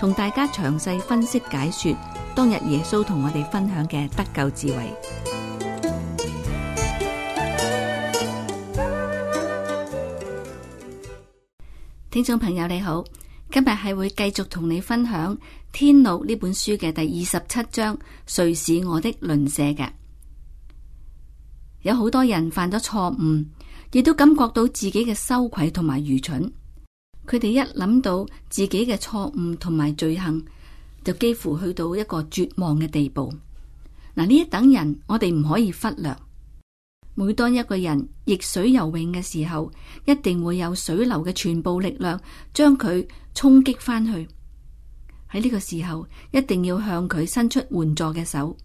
同大家詳細分析解說，當日耶穌同我哋分享嘅得救智慧。聽眾朋友你好，今日係會繼續同你分享《天路》呢本書嘅第二十七章，誰是我的鄰舍嘅。有好多人犯咗錯誤，亦都感覺到自己嘅羞愧同埋愚蠢。佢哋一諗到自己嘅錯誤同埋罪行，就幾乎去到一個絕望嘅地步。嗱，呢一等人我哋唔可以忽略。每當一個人逆水游泳嘅時候，一定會有水流嘅全部力量將佢沖擊翻去。喺呢個時候，一定要向佢伸出援助嘅手，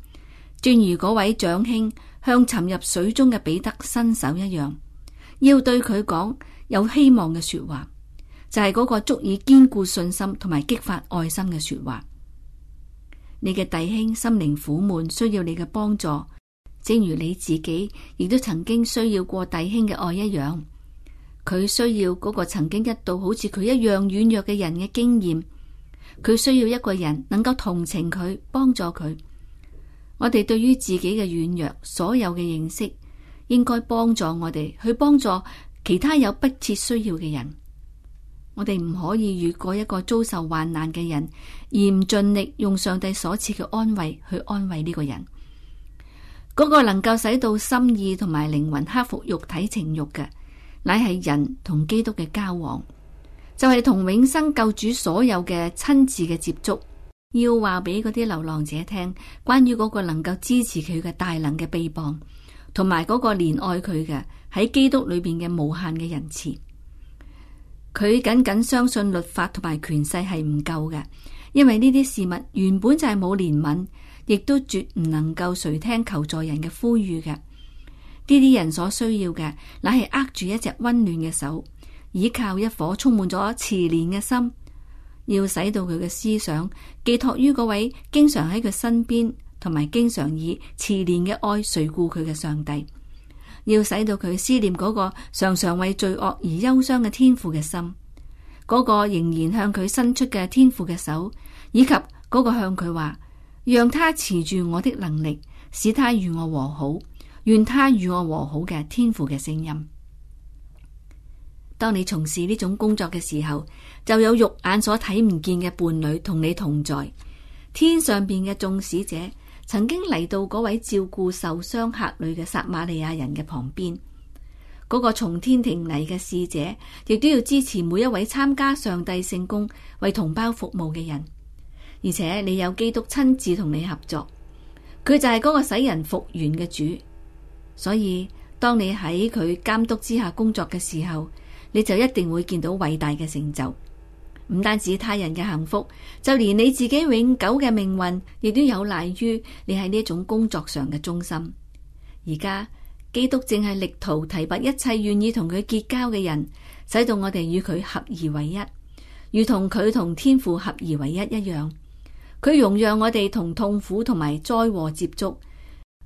正如嗰位長兄向沉入水中嘅彼得伸手一樣，要對佢講有希望嘅說話。就係嗰個足以堅固信心同埋激發愛心嘅說話。你嘅弟兄心靈苦悶，需要你嘅幫助，正如你自己亦都曾經需要過弟兄嘅愛一樣。佢需要嗰個曾經一度好似佢一樣軟弱嘅人嘅經驗，佢需要一個人能夠同情佢，幫助佢。我哋對於自己嘅軟弱，所有嘅認識，應該幫助我哋去幫助其他有迫切需要嘅人。我哋唔可以越過一個遭受患難嘅人，而唔盡力用上帝所賜嘅安慰去安慰呢個人。嗰、這個能夠使到心意同埋靈魂克服肉體情欲嘅，乃係人同基督嘅交往，就係、是、同永生救主所有嘅親自嘅接觸。要話俾嗰啲流浪者聽，關於嗰個能夠支持佢嘅大能嘅臂膀，同埋嗰個憐愛佢嘅喺基督裏邊嘅無限嘅仁慈。佢僅僅相信律法同埋權勢係唔夠嘅，因為呢啲事物原本就係冇憐憫，亦都絕唔能夠垂聽求助人嘅呼籲嘅。呢啲人所需要嘅，乃係握住一隻溫暖嘅手，依靠一顆充滿咗慈憐嘅心，要使到佢嘅思想寄託於嗰位經常喺佢身邊同埋經常以慈憐嘅愛垂顧佢嘅上帝。要使到佢思念嗰個常常為罪惡而憂傷嘅天父嘅心，嗰個仍然向佢伸出嘅天父嘅手，以及嗰個向佢話讓他持住我的能力，使他與我和好，願他與我和好嘅天父嘅聲音。當你從事呢種工作嘅時候，就有肉眼所睇唔見嘅伴侶同你同在，天上邊嘅眾使者。曾經嚟到嗰位照顧受傷客旅嘅撒瑪利亞人嘅旁邊，嗰、那個從天庭嚟嘅使者，亦都要支持每一位參加上帝聖工、為同胞服務嘅人。而且你有基督親自同你合作，佢就係嗰個使人復原嘅主。所以當你喺佢監督之下工作嘅時候，你就一定會見到偉大嘅成就。唔單止他人嘅幸福，就連你自己永久嘅命運，亦都有賴於你喺呢一種工作上嘅忠心。而家基督正係力圖提拔一切願意同佢結交嘅人，使到我哋與佢合而為一，如同佢同天父合而為一一樣。佢容讓我哋同痛苦同埋災禍接觸，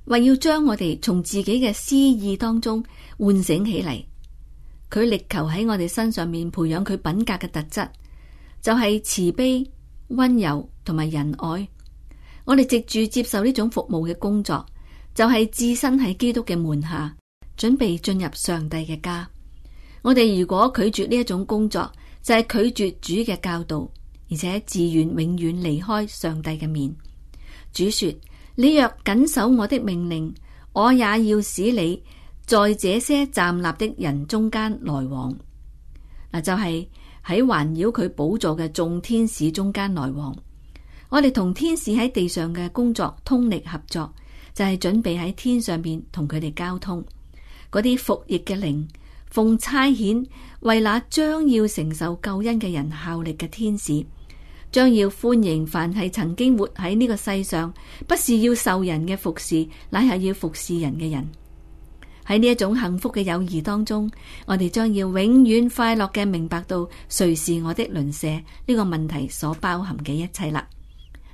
為要將我哋從自己嘅私意當中喚醒起嚟。佢力求喺我哋身上面培養佢品格嘅特質。就係慈悲、溫柔同埋仁愛，我哋藉住接受呢種服務嘅工作，就係置身喺基督嘅門下，準備進入上帝嘅家。我哋如果拒絕呢一種工作，就係拒絕主嘅教導，而且自願永遠離開上帝嘅面。主說：你若謹守我的命令，我也要使你在這些站立的人中間來往。嗱，就係。喺環繞佢寶座嘅眾天使中間來往，我哋同天使喺地上嘅工作通力合作，就係、是、準備喺天上邊同佢哋交通。嗰啲服役嘅靈奉差遣為那將要承受救恩嘅人效力嘅天使，將要歡迎凡係曾經活喺呢個世上，不是要受人嘅服侍，乃係要服侍人嘅人。喺呢一種幸福嘅友誼當中，我哋將要永遠快樂嘅明白到誰是我的鄰舍呢個問題所包含嘅一切啦。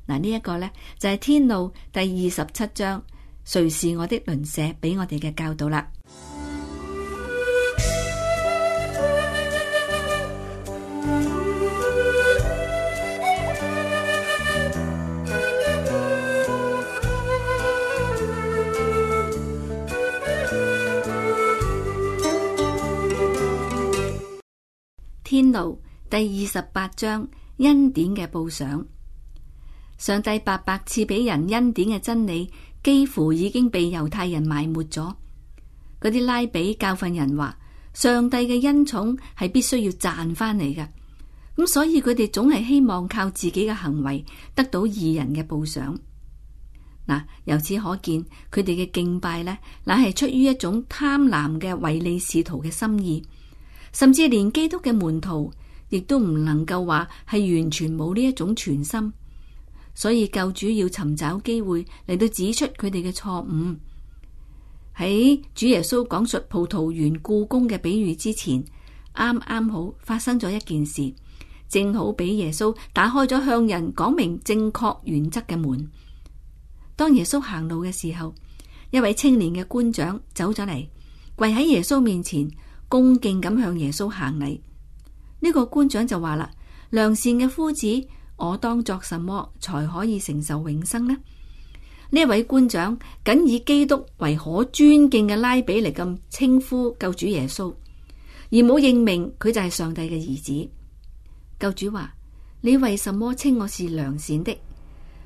嗱，呢一個呢，就係天路第二十七章誰是我的鄰舍俾我哋嘅教導啦。第二十八章恩典嘅報賞。上帝白白賜俾人恩典嘅真理，幾乎已經被猶太人埋沒咗。嗰啲拉比教訓人話，上帝嘅恩寵係必須要賺翻嚟嘅。咁所以佢哋總係希望靠自己嘅行為得到義人嘅報賞。嗱、呃，由此可見佢哋嘅敬拜呢，乃係出於一種貪婪嘅唯利是圖嘅心意。甚至連基督嘅門徒亦都唔能夠話係完全冇呢一種全心，所以救主要尋找機會嚟,到指出佢哋嘅錯誤。喺主耶穌講述葡萄園僱工嘅比喻之前，啱啱好發生咗一件事，正好俾耶穌打開咗向人講明正確原則嘅門。當耶穌行路嘅時候，一位青年嘅官長走咗嚟，跪喺耶穌面前，恭敬咁向耶穌行禮，呢個官長就話啦：良善嘅夫子，我當作什麼才可以承受永生呢？呢位官長僅以基督為可尊敬嘅拉比嚟，咁稱呼救主耶穌，而冇認明佢就係上帝嘅兒子。救主話：你為什麼稱我是良善的？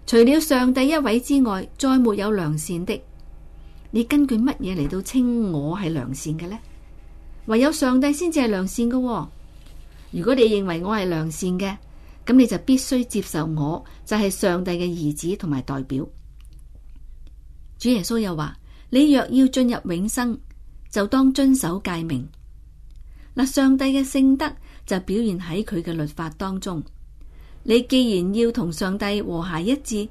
除了上帝一位之外，再沒有良善的。你根據乜嘢嚟到稱我係良善嘅呢？唯有上帝先至係良善嘅哦。如果你認為我係良善嘅，咁你就必須接受我就係上帝嘅兒子同埋代表。主耶穌又話：「你若要進入永生，就當遵守誡命。」嗱，上帝嘅聖德就表現喺佢嘅律法當中。你既然要同上帝和諧一致，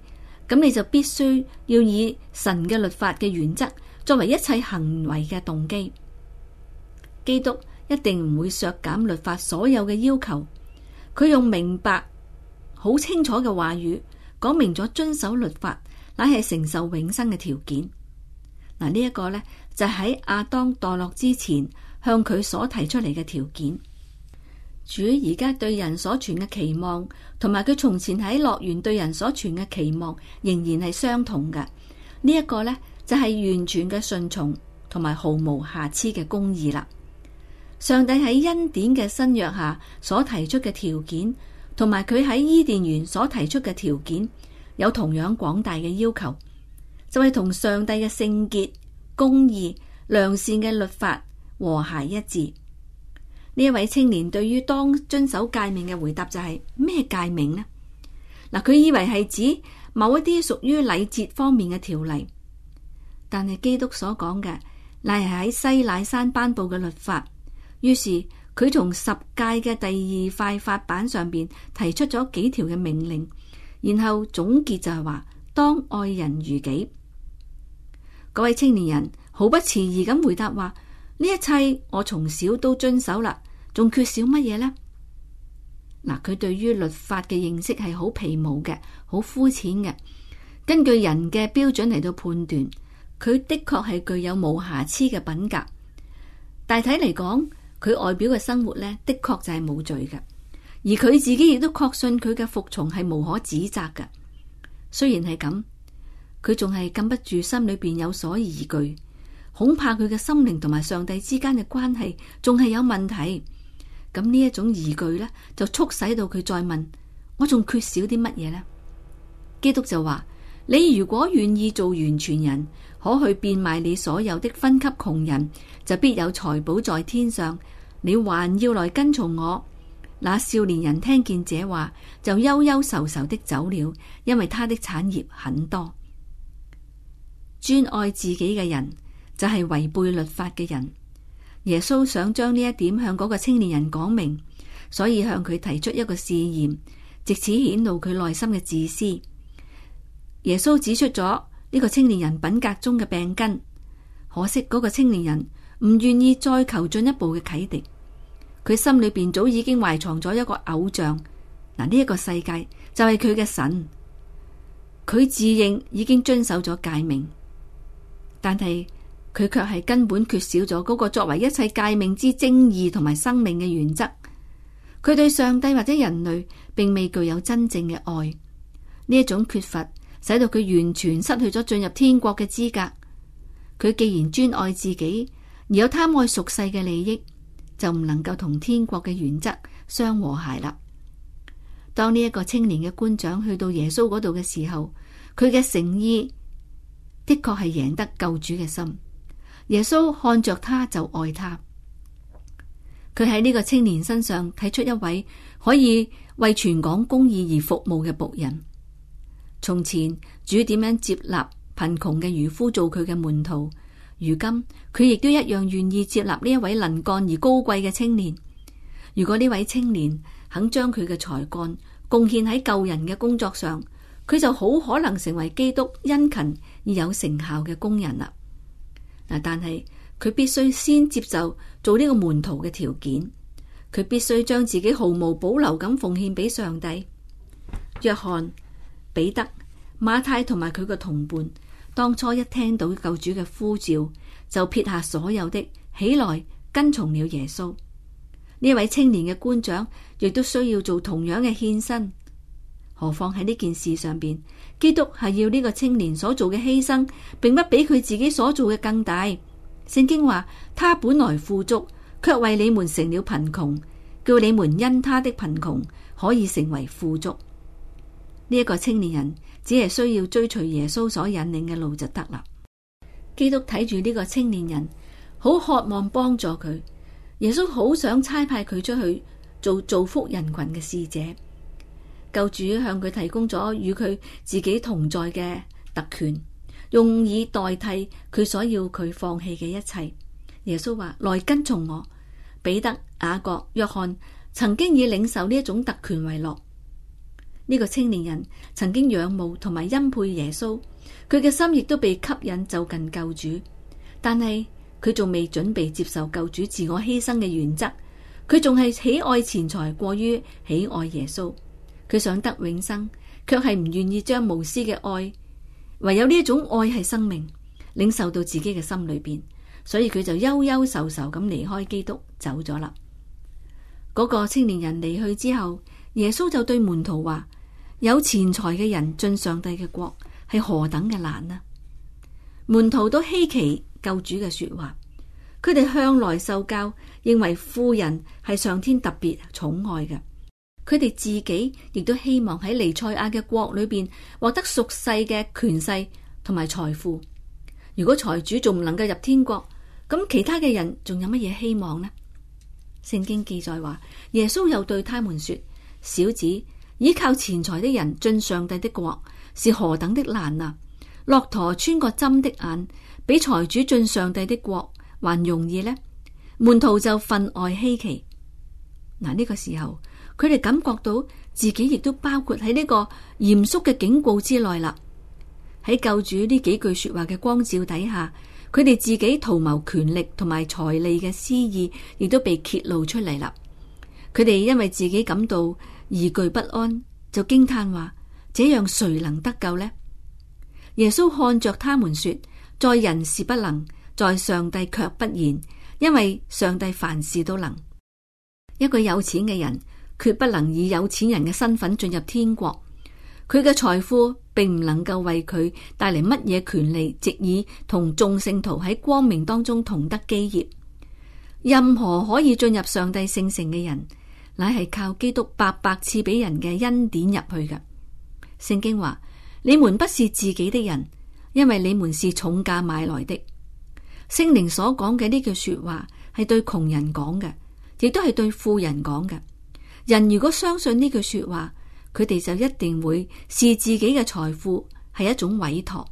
咁你就必須要以神嘅律法嘅原則作為一切行為嘅動機。基督一定唔會削減律法所有嘅要求，佢用明白、好清楚嘅話語講明咗遵守律法乃係承受永生嘅條件。嗱，呢一個呢，就喺阿當墮落之前向佢所提出嚟嘅條件。主而家對人所存嘅期望，同埋佢從前喺樂園對人所存嘅期望，仍然係相同嘅。呢一個呢，就係完全嘅順從，同埋毫無瑕疵嘅公義啦。上帝喺恩典嘅新約下所提出嘅條件，同埋佢喺伊甸園所提出嘅條件，有同樣廣大嘅要求，就係、是、同上帝嘅聖潔、公義、良善嘅律法和諧一致。呢一位青年對於當遵守誡命嘅回答就係咩誡命呢？嗱，佢以為係指某一啲屬於禮節方面嘅條例，但係基督所講嘅，乃係喺西乃山頒布嘅律法。於是佢從十戒嘅第二塊法版上邊提出咗幾條嘅命令，然後總結就係話當愛人如己。嗰位青年人毫不遲疑咁回答話：呢一切我從小都遵守啦，仲缺少乜嘢呢？嗱，佢對於律法嘅認識係好皮毛嘅，好膚淺嘅。根據人嘅標準嚟到判斷，佢的確係具有冇瑕疵嘅品格。大體嚟講。佢外表嘅生活呢，的確就係冇罪嘅，而佢自己亦都確信佢嘅服從係無可指責嘅。雖然係咁，佢仲係禁不住心裏邊有所疑懼，恐怕佢嘅心靈同埋上帝之間嘅關係仲係有問題。咁呢一種疑懼呢，就促使到佢再問：「我仲缺少啲乜嘢呢？」基督就話：你如果願意做完全人。可去變賣你所有的，分給窮人，就必有財寶在天上。你還要來跟從我。那少年人聽見這話，就憂憂愁愁的走了，因為他的產業很多。專愛自己嘅人就係違背律法嘅人。耶穌想將呢一點向嗰個青年人講明，所以向佢提出一個試驗，借此顯露佢內心嘅自私。耶穌指出咗。呢個青年人品格中嘅病根，可惜嗰個青年人唔願意再求進一步嘅啟迪。佢心裏邊早已經懷藏咗一個偶像，嗱，呢一個世界就係佢嘅神。佢自認已經遵守咗誡命，但係佢卻係根本缺少咗嗰個作為一切誡命之精義同埋生命嘅原則。佢對上帝或者人類並未具有真正嘅愛，呢一種缺乏使到佢完全失去咗進入天國嘅資格。佢既然專愛自己，而有貪愛俗世嘅利益，就唔能夠同天國嘅原則相和諧啦。當呢一個青年嘅官長去到耶穌嗰度嘅時候，佢嘅誠意的確係贏得救主嘅心。耶穌看着他就愛他，佢喺呢個青年身上睇出一位可以為全港公義而服務嘅僕人。從前主點樣接納貧窮嘅漁夫做佢嘅門徒，如今佢亦都一樣願意接納呢一位能幹而高貴嘅青年。如果呢位青年肯將佢嘅才幹貢獻喺救人嘅工作上，佢就好可能成為基督殷勤而有成效嘅工人啦。嗱，但係佢必須先接受做呢個門徒嘅條件，佢必須將自己毫無保留咁奉獻俾上帝。約翰。彼得、馬太同埋佢個同伴，當初一聽到救主嘅呼召，就撇下所有的，起來跟從了耶穌。呢位青年嘅官長亦都需要做同樣嘅獻身。何況喺呢件事上邊，基督係要呢個青年所做嘅犧牲，並不比佢自己所做嘅更大。聖經話：他本來富足，卻為你們成了貧窮，叫你們因他的貧窮可以成為富足。呢一個青年人只係需要追隨耶穌所引領嘅路就得啦。基督睇住呢個青年人，好渴望幫助佢。耶穌好想差派佢出去做造福人群嘅使者。救主向佢提供咗與佢自己同在嘅特權，用以代替佢所要佢放棄嘅一切。耶穌話：來跟從我。彼得、雅各、約翰曾經以領受呢一種特權為樂。呢個青年人曾經仰慕同埋欽佩耶穌，佢嘅心亦都被吸引就近救主，但係佢仲未準備接受救主自我犧牲嘅原則，佢仲係喜愛錢財過於喜愛耶穌，佢想得永生，卻係唔願意將無私嘅愛，唯有呢一種愛係生命，領受到自己嘅心裏面，所以佢就悠悠愁愁咁離開基督走咗啦。嗰個青年人離去之後，耶穌就對門徒話。有錢財嘅人進上帝嘅國係何等嘅難呢？門徒都稀奇救主嘅說話，佢哋向來受教，認為富人係上天特別寵愛嘅，佢哋自己亦都希望喺尼賽亞嘅國裏邊獲得屬世嘅權勢同埋財富。如果財主仲唔能夠入天國，咁其他嘅人仲有乜嘢希望呢？聖經記載話，耶穌又對他們說：小子。依靠錢財的人進上帝的國是何等的難啊！駱駝穿過針的眼，比財主進上帝的國還容易呢？門徒就分外稀奇。嗱，呢個時候，佢哋感覺到自己亦都包括喺呢個嚴肅嘅警告之內啦。喺救主呢幾句說話嘅光照底下，佢哋自己圖謀權力同埋財利嘅私意，亦都被揭露出嚟啦。佢哋因為自己感到。疑懼不安，就驚嘆話：這樣誰能得救呢？耶穌看着他們說：在人是不能，在上帝卻不然，因為上帝凡事都能。一個有錢嘅人，決不能以有錢人嘅身份進入天國。佢嘅財富並唔能夠為佢帶嚟乜嘢權利、直以同眾聖徒喺光明當中同得基業。任何可以進入上帝聖城嘅人。乃係靠基督白白賜俾人嘅恩典入去嘅。聖經話：你們不是自己的人，因為你們是重價買來的。聖靈所講嘅呢句說話係對窮人講嘅，亦都係對富人講嘅。人如果相信呢句說話，佢哋就一定會視自己嘅財富係一種委託，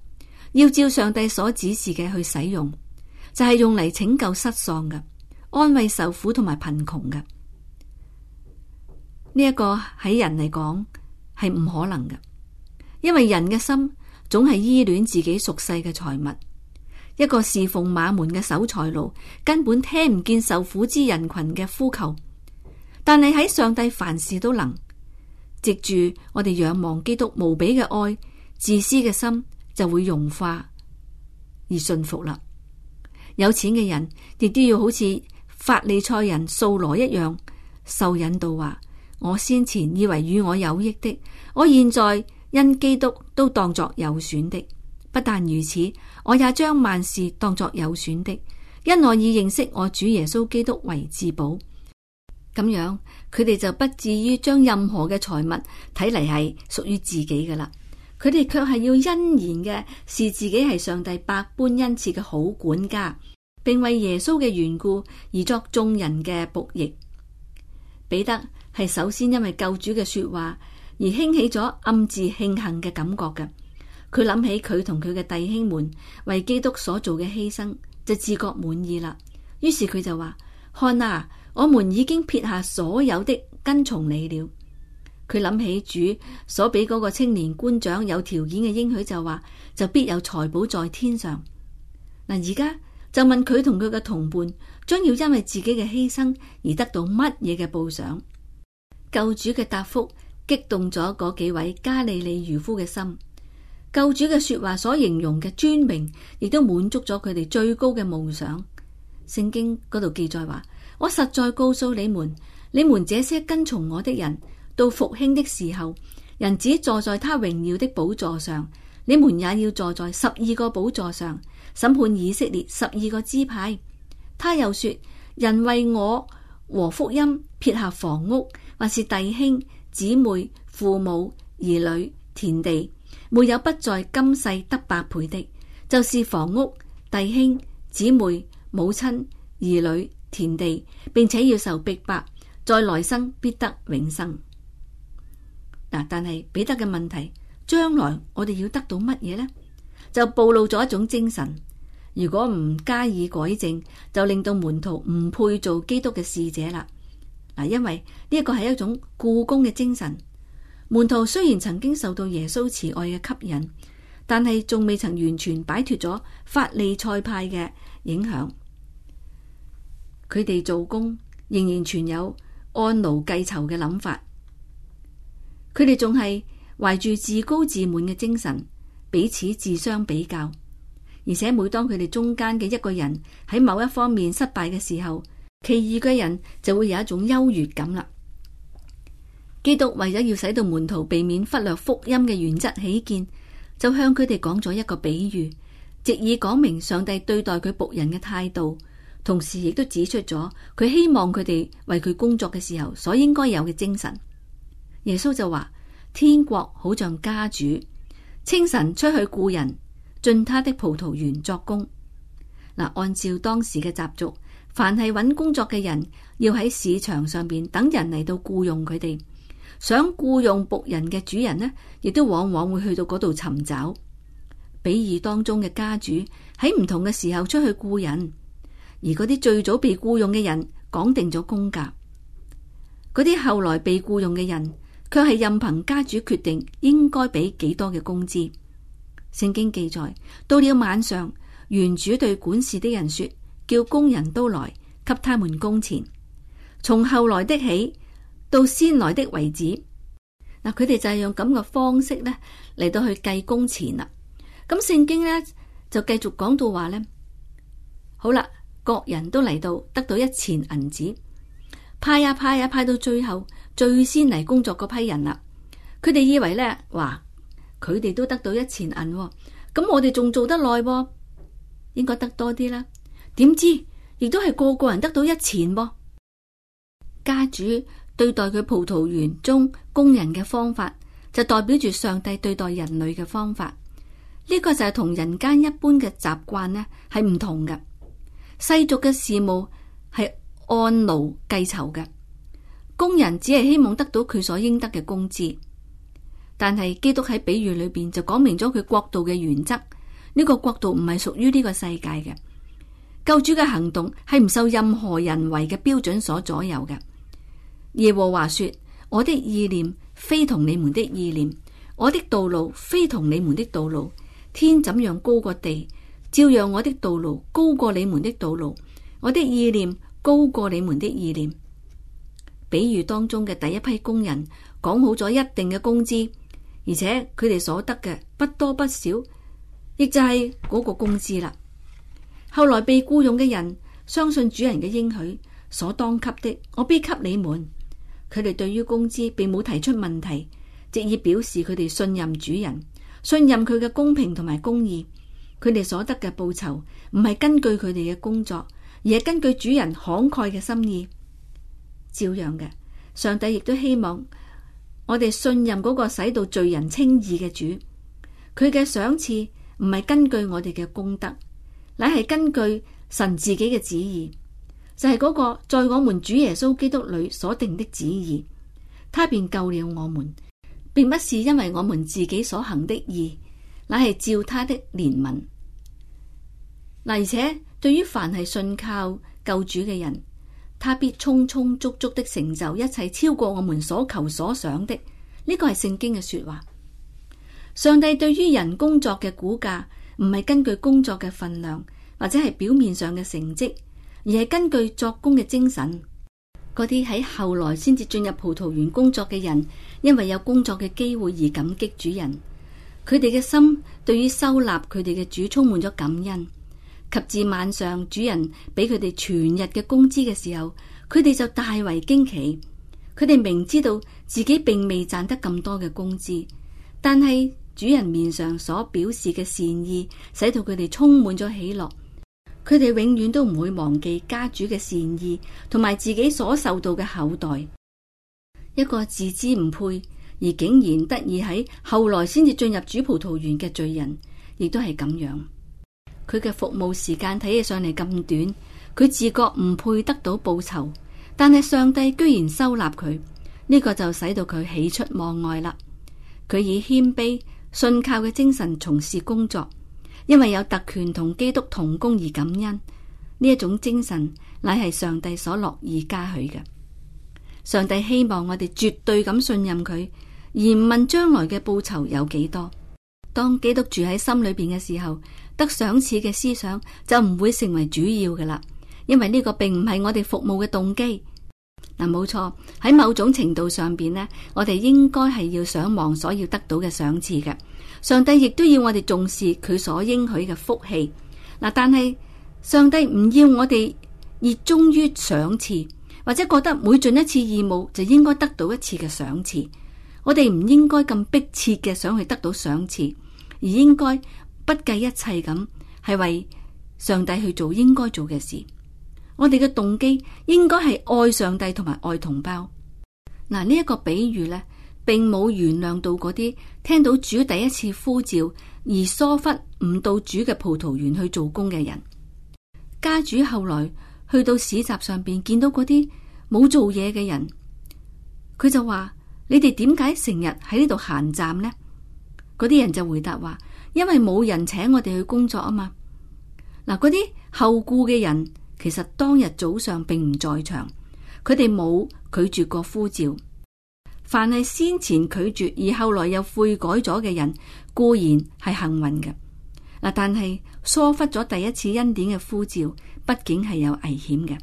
要照上帝所指示嘅去使用，就係用嚟拯救失喪嘅、安慰受苦同埋貧窮嘅。呢一個喺人嚟講係唔可能嘅，因為人嘅心總係依戀自己熟悉嘅財物。一個侍奉馬門嘅守財奴根本聽唔見受苦之人群嘅呼求，但係喺上帝凡事都能藉住我哋仰望基督無比嘅愛，自私嘅心就會融化而馴服啦。有錢嘅人亦都要好似法利賽人掃羅一樣受引導話。我先前以為與我有益的，我現在因基督都當作有損的。不但如此，我也將萬事當作有損的，因我已認識我主耶穌基督為至寶。咁樣，佢哋就不至於將任何嘅財物睇嚟係屬於自己㗎喇。佢哋卻係要欣然嘅，視自己係上帝百般恩賜嘅好管家，並為耶穌嘅緣故而作眾人嘅僕役。彼得。係首先，因為救主嘅說話而興起咗暗自慶幸嘅感覺嘅。佢諗起佢同佢嘅弟兄們為基督所做嘅犧牲，就自覺滿意啦。於是佢就話：看啊，我們已經撇下所有的跟從你了。佢諗起主所俾嗰個青年官長有條件嘅應許就，就話就必有財寶在天上嗱。而家就問佢同佢嘅同伴，將要因為自己嘅犧牲而得到乜嘢嘅報賞？救主嘅答覆激動咗嗰幾位加利利漁夫嘅心。救主嘅說話所形容嘅尊榮，亦都滿足咗佢哋最高嘅夢想。聖經嗰度記載話： 我實在告訴你們，你們這些跟從我的人，到復興的時候，人子坐在他榮耀的寶座上，你們也要坐在十二個寶座上，審判以色列十二個支派。他又說：人為我和福音撇下房屋。還是弟兄、姊妹、父母、兒女、田地，沒有不在今世得百倍的。就是房屋、弟兄、姊妹、母親、兒女、田地，並且要受逼迫，在來生必得永生。嗱，但係彼得嘅問題，將來我哋要得到乜嘢呢？就暴露咗一種精神。如果唔加以改正，就令到門徒唔配做基督嘅使者啦。因為呢一個係一種雇工嘅精神，門徒雖然曾經受到耶穌慈愛嘅吸引，但係仲未曾完全擺脱咗法利賽派嘅影響。佢哋做工仍然存有按勞計酬嘅諗法，佢哋仲係懷住自高自滿嘅精神，彼此自相比較，而且每當佢哋中間嘅一個人喺某一方面失敗嘅時候，其二嘅人就會有一種優越感啦。基督為咗要使到門徒避免忽略福音嘅原則起見，就向佢哋講咗一個比喻，藉以講明上帝對待佢僕人嘅態度，同時亦都指出咗佢希望佢哋為佢工作嘅時候所應該有嘅精神。耶穌就話：天國好像家主，清晨出去僱人進他的葡萄園做工。嗱，按照當時嘅習俗。凡係揾工作嘅人，要喺市場上邊等人嚟到雇傭佢哋。想雇傭僕人嘅主人呢，亦都往往會去到嗰度尋找。比喻當中嘅家主喺唔同嘅時候出去雇人，而嗰啲最早被雇傭嘅人講定咗工價，嗰啲後來被雇傭嘅人卻係任憑家主決定應該俾幾多嘅工資。聖經記載，到了晚上，園主對管事的人說。叫工人都來，給他們工錢。從後來的起到先來的為止，嗱，佢哋就係用咁嘅方式咧嚟到去計工錢啦。咁聖經呢，就繼續講到話呢，好啦，各人都嚟到得到一錢銀子，派啊派啊派，到最後最先嚟工作嗰批人啦，佢哋以為呢，「話佢哋都得到一錢銀、哦，咁我哋仲做得耐、哦，應該得多啲啦。點知，亦都係個個人得到一錢噃。家主對待佢葡萄園中工人嘅方法，就代表住上帝對待人類嘅方法。呢個就係同人間一般嘅習慣呢係唔同嘅。世俗嘅事務係按勞計酬嘅，工人只係希望得到佢所應得嘅工資。但係基督喺比喻裏邊就講明咗佢國度嘅原則。呢個國度唔係屬於呢個世界嘅。救主嘅行動係唔受任何人為嘅標準所左右嘅。耶和華說：我的意念非同你們的意念，我的道路非同你們的道路。天怎樣高過地，照樣我的道路高過你們的道路，我的意念高過你們的意念。比喻當中嘅第一批工人，講好咗一定嘅工資，而且佢哋所得嘅不多不少，亦就係嗰個工資啦。後來被僱傭嘅人相信主人嘅應許，所當給的我必給你們。佢哋對於工資並冇提出問題，直以表示佢哋信任主人，信任佢嘅公平同埋公義。佢哋所得嘅報酬唔係根據佢哋嘅工作，而係根據主人慷慨嘅心意。照樣嘅，上帝亦都希望我哋信任嗰個使到罪人稱義嘅主，佢嘅賞賜唔係根據我哋嘅功德。乃係根據神自己嘅旨意，就係、是、嗰個在我們主耶穌基督裏所定的旨意，他便救了我們，並不是因為我們自己所行的義，乃係照他的憐憫。而且對於凡係信靠救主嘅人，他必匆匆足，足足的成就一切超過我們所求所想的。呢、這個係聖經嘅說話。上帝對於人工作嘅估價。唔係根據工作嘅份量，或者係表面上嘅成績，而係根據作工嘅精神。嗰啲喺後來先至進入葡萄園工作嘅人，因為有工作嘅機會而感激主人。佢哋嘅心對於收納佢哋嘅主充滿咗感恩。及至晚上主人俾佢哋全日嘅工資嘅時候，佢哋就大為驚奇。佢哋明知道自己並未賺得咁多嘅工資，但係，主人面上所表示嘅善意，使到佢哋充滿咗喜樂。佢哋永遠都唔會忘記家主嘅善意，同埋自己所受到嘅厚待。一個自知唔配而竟然得意喺後來先至進入主葡萄園嘅罪人，亦都係咁樣。佢嘅服務時間睇起上嚟咁短，佢自覺唔配得到報酬，但係上帝居然收納佢，呢個就使到佢喜出望外啦。佢以謙卑。信靠嘅精神從事工作，因為有特權同基督同工而感恩。呢一種精神，乃係上帝所樂意嘉許嘅。上帝希望我哋絕對咁信任佢，而唔問將來嘅報酬有幾多。當基督住喺心裏邊嘅時候，得賞賜嘅思想就唔會成為主要嘅啦，因為呢個並唔係我哋服務嘅動機。嗱，冇錯，喺某種程度上邊呢，我哋應該係要想望所要得到嘅賞賜嘅。上帝亦都要我哋重視佢所應許嘅福氣。嗱，但係上帝唔要我哋熱衷於賞賜，或者覺得每盡一次義務就應該得到一次嘅賞賜。我哋唔應該咁迫切嘅想去得到賞賜，而應該不計一切咁係為上帝去做應該做嘅事。我哋嘅動機應該係愛上帝同埋愛同胞嗱。呢一個比喻呢，並冇原諒到嗰啲聽到主第一次呼召而疏忽唔到主嘅葡萄園去做工嘅人。家主後來去到市集上邊見到嗰啲冇做嘢嘅人，佢就話：你哋點解成日喺呢度閒站呢？嗰啲人就回答話：因為冇人請我哋去工作啊嘛。嗱，嗰啲後顧嘅人。其實當日早上並唔在場，佢哋冇拒絕過呼召。凡係先前拒絕而後來又悔改咗嘅人，固然係幸運嘅。但係疏忽咗第一次恩典嘅呼召，畢竟係有危險嘅。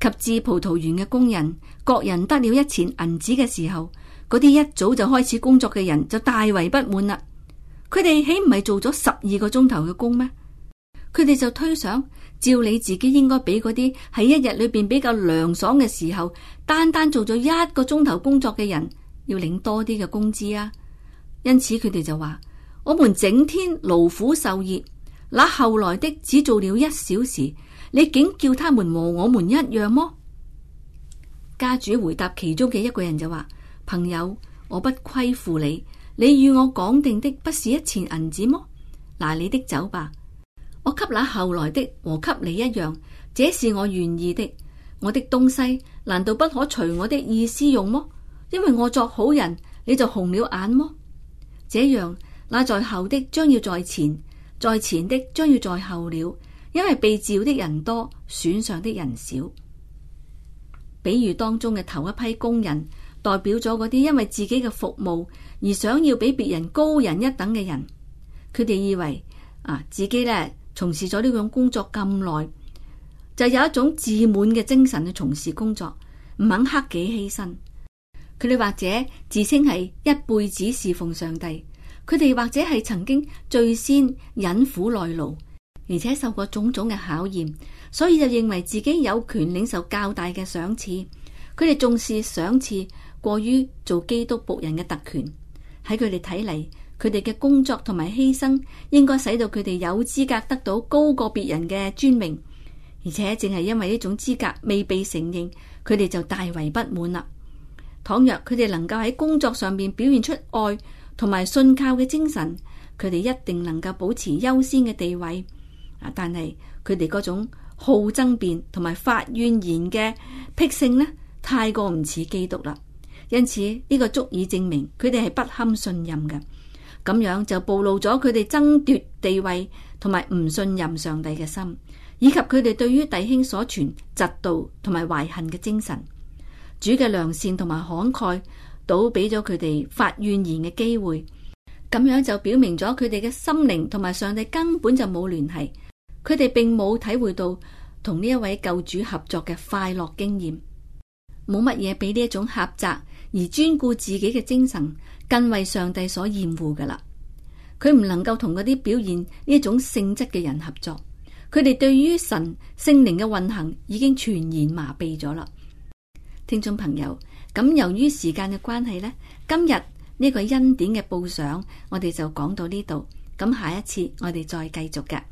及至葡萄園嘅工人各人得了一錢銀子嘅時候，嗰啲一早就開始工作嘅人就大為不滿啦。佢哋豈唔係做咗十二個鐘頭嘅工咩？佢哋就推想。照你自己應該俾嗰啲喺一日裏邊比較涼爽嘅時候，單單做咗一個鐘頭工作嘅人，要領多啲嘅工資啊！因此佢哋就話：我們整天勞苦受熱，那後來的只做了一小時，你竟叫他們和我們一樣麼？家主回答其中嘅一個人就話：朋友，我不虧負你，你與我講定的不是一錢銀子麼？嗱，你的走吧。我給那後來的和給你一樣，這是我願意的。我的東西難道不可隨我的意思用麼？因為我作好人，你就紅了眼麼？這樣，那在後的將要在前，在前的將要在後了。因為被召的人多，選上的人少。比如當中嘅頭一批工人，代表咗嗰啲因為自己嘅服務而想要比別人高人一等嘅人，佢哋以為啊，自己呢。從事咗呢種工作咁耐，就有一種自滿嘅精神去從事工作，唔肯克己犧牲。佢哋或者自稱係一輩子侍奉上帝，佢哋或者係曾經最先忍苦耐勞，而且受過種種嘅考驗，所以就認為自己有權領受較大嘅賞賜。佢哋重視賞賜過於做基督僕人嘅特權，喺佢哋睇嚟，佢哋嘅工作同埋犧牲應該使到佢哋有資格得到高過別人嘅尊名，而且正係因為呢種資格未被承認，佢哋就大為不滿啦。倘若佢哋能夠喺工作上面表現出愛同埋信靠嘅精神，佢哋一定能夠保持優先嘅地位。啊，但係佢哋嗰種好爭辯同埋發怨言嘅癖性呢，太過唔似基督啦，因此呢個足以證明佢哋係不堪信任嘅。咁樣就暴露咗佢哋爭奪地位同埋唔信任上帝嘅心，以及佢哋對於弟兄所存嫉妒同埋懷恨嘅精神。主嘅良善同埋慷慨，都俾咗佢哋發怨言嘅機會。咁樣就表明咗佢哋嘅心靈同埋上帝根本就冇聯繫，佢哋並冇體會到同呢一位救主合作嘅快樂經驗，冇乜嘢俾呢一種狹窄而專顧自己嘅精神，更為上帝所厭惡嘅啦。佢唔能夠同嗰啲表現呢一種性質嘅人合作。佢哋對於神性靈嘅運行已經全然麻痹咗啦。聽眾朋友，咁由於時間嘅關係呢，今日呢個恩典嘅報賞，我哋就講到呢度。咁下一次我哋再繼續嘅。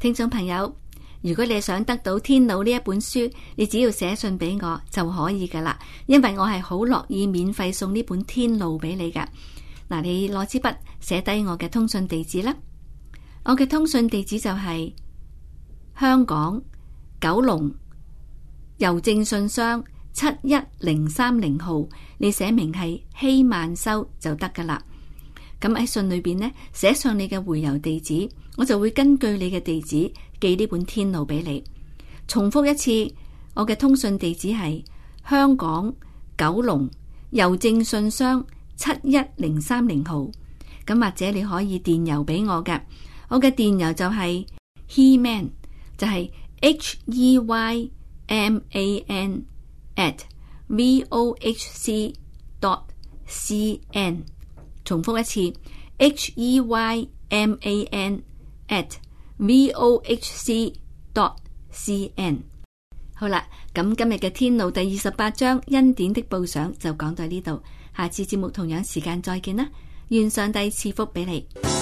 聽眾朋友，如果你想得到《天路》呢一本書，你只要寫信俾我就可以噶啦，因為我係好樂意免費送呢本《天路》俾你噶。嗱，你攞支筆寫低我嘅通訊地址啦。我嘅通訊地址就係香港九龍郵政信箱七一零三零號，你寫明係希曼修就得噶啦。咁喺信裏邊呢，寫上你嘅回郵地址。我就會根據你嘅地址寄呢本天路俾你。重複一次，我嘅通訊地址係香港九龍郵政信箱七一零三零號。咁或者你可以電郵俾我嘅，我嘅電郵就係 he man 就係 h e y m a n at v o h c dot c n。重複一次，h e y m a n。At V O H C dot C N 好啦，咁今日嘅天路第二十八章恩典的報賞就講到呢度，下次節目同樣時間再見啦，願上帝賜福俾你。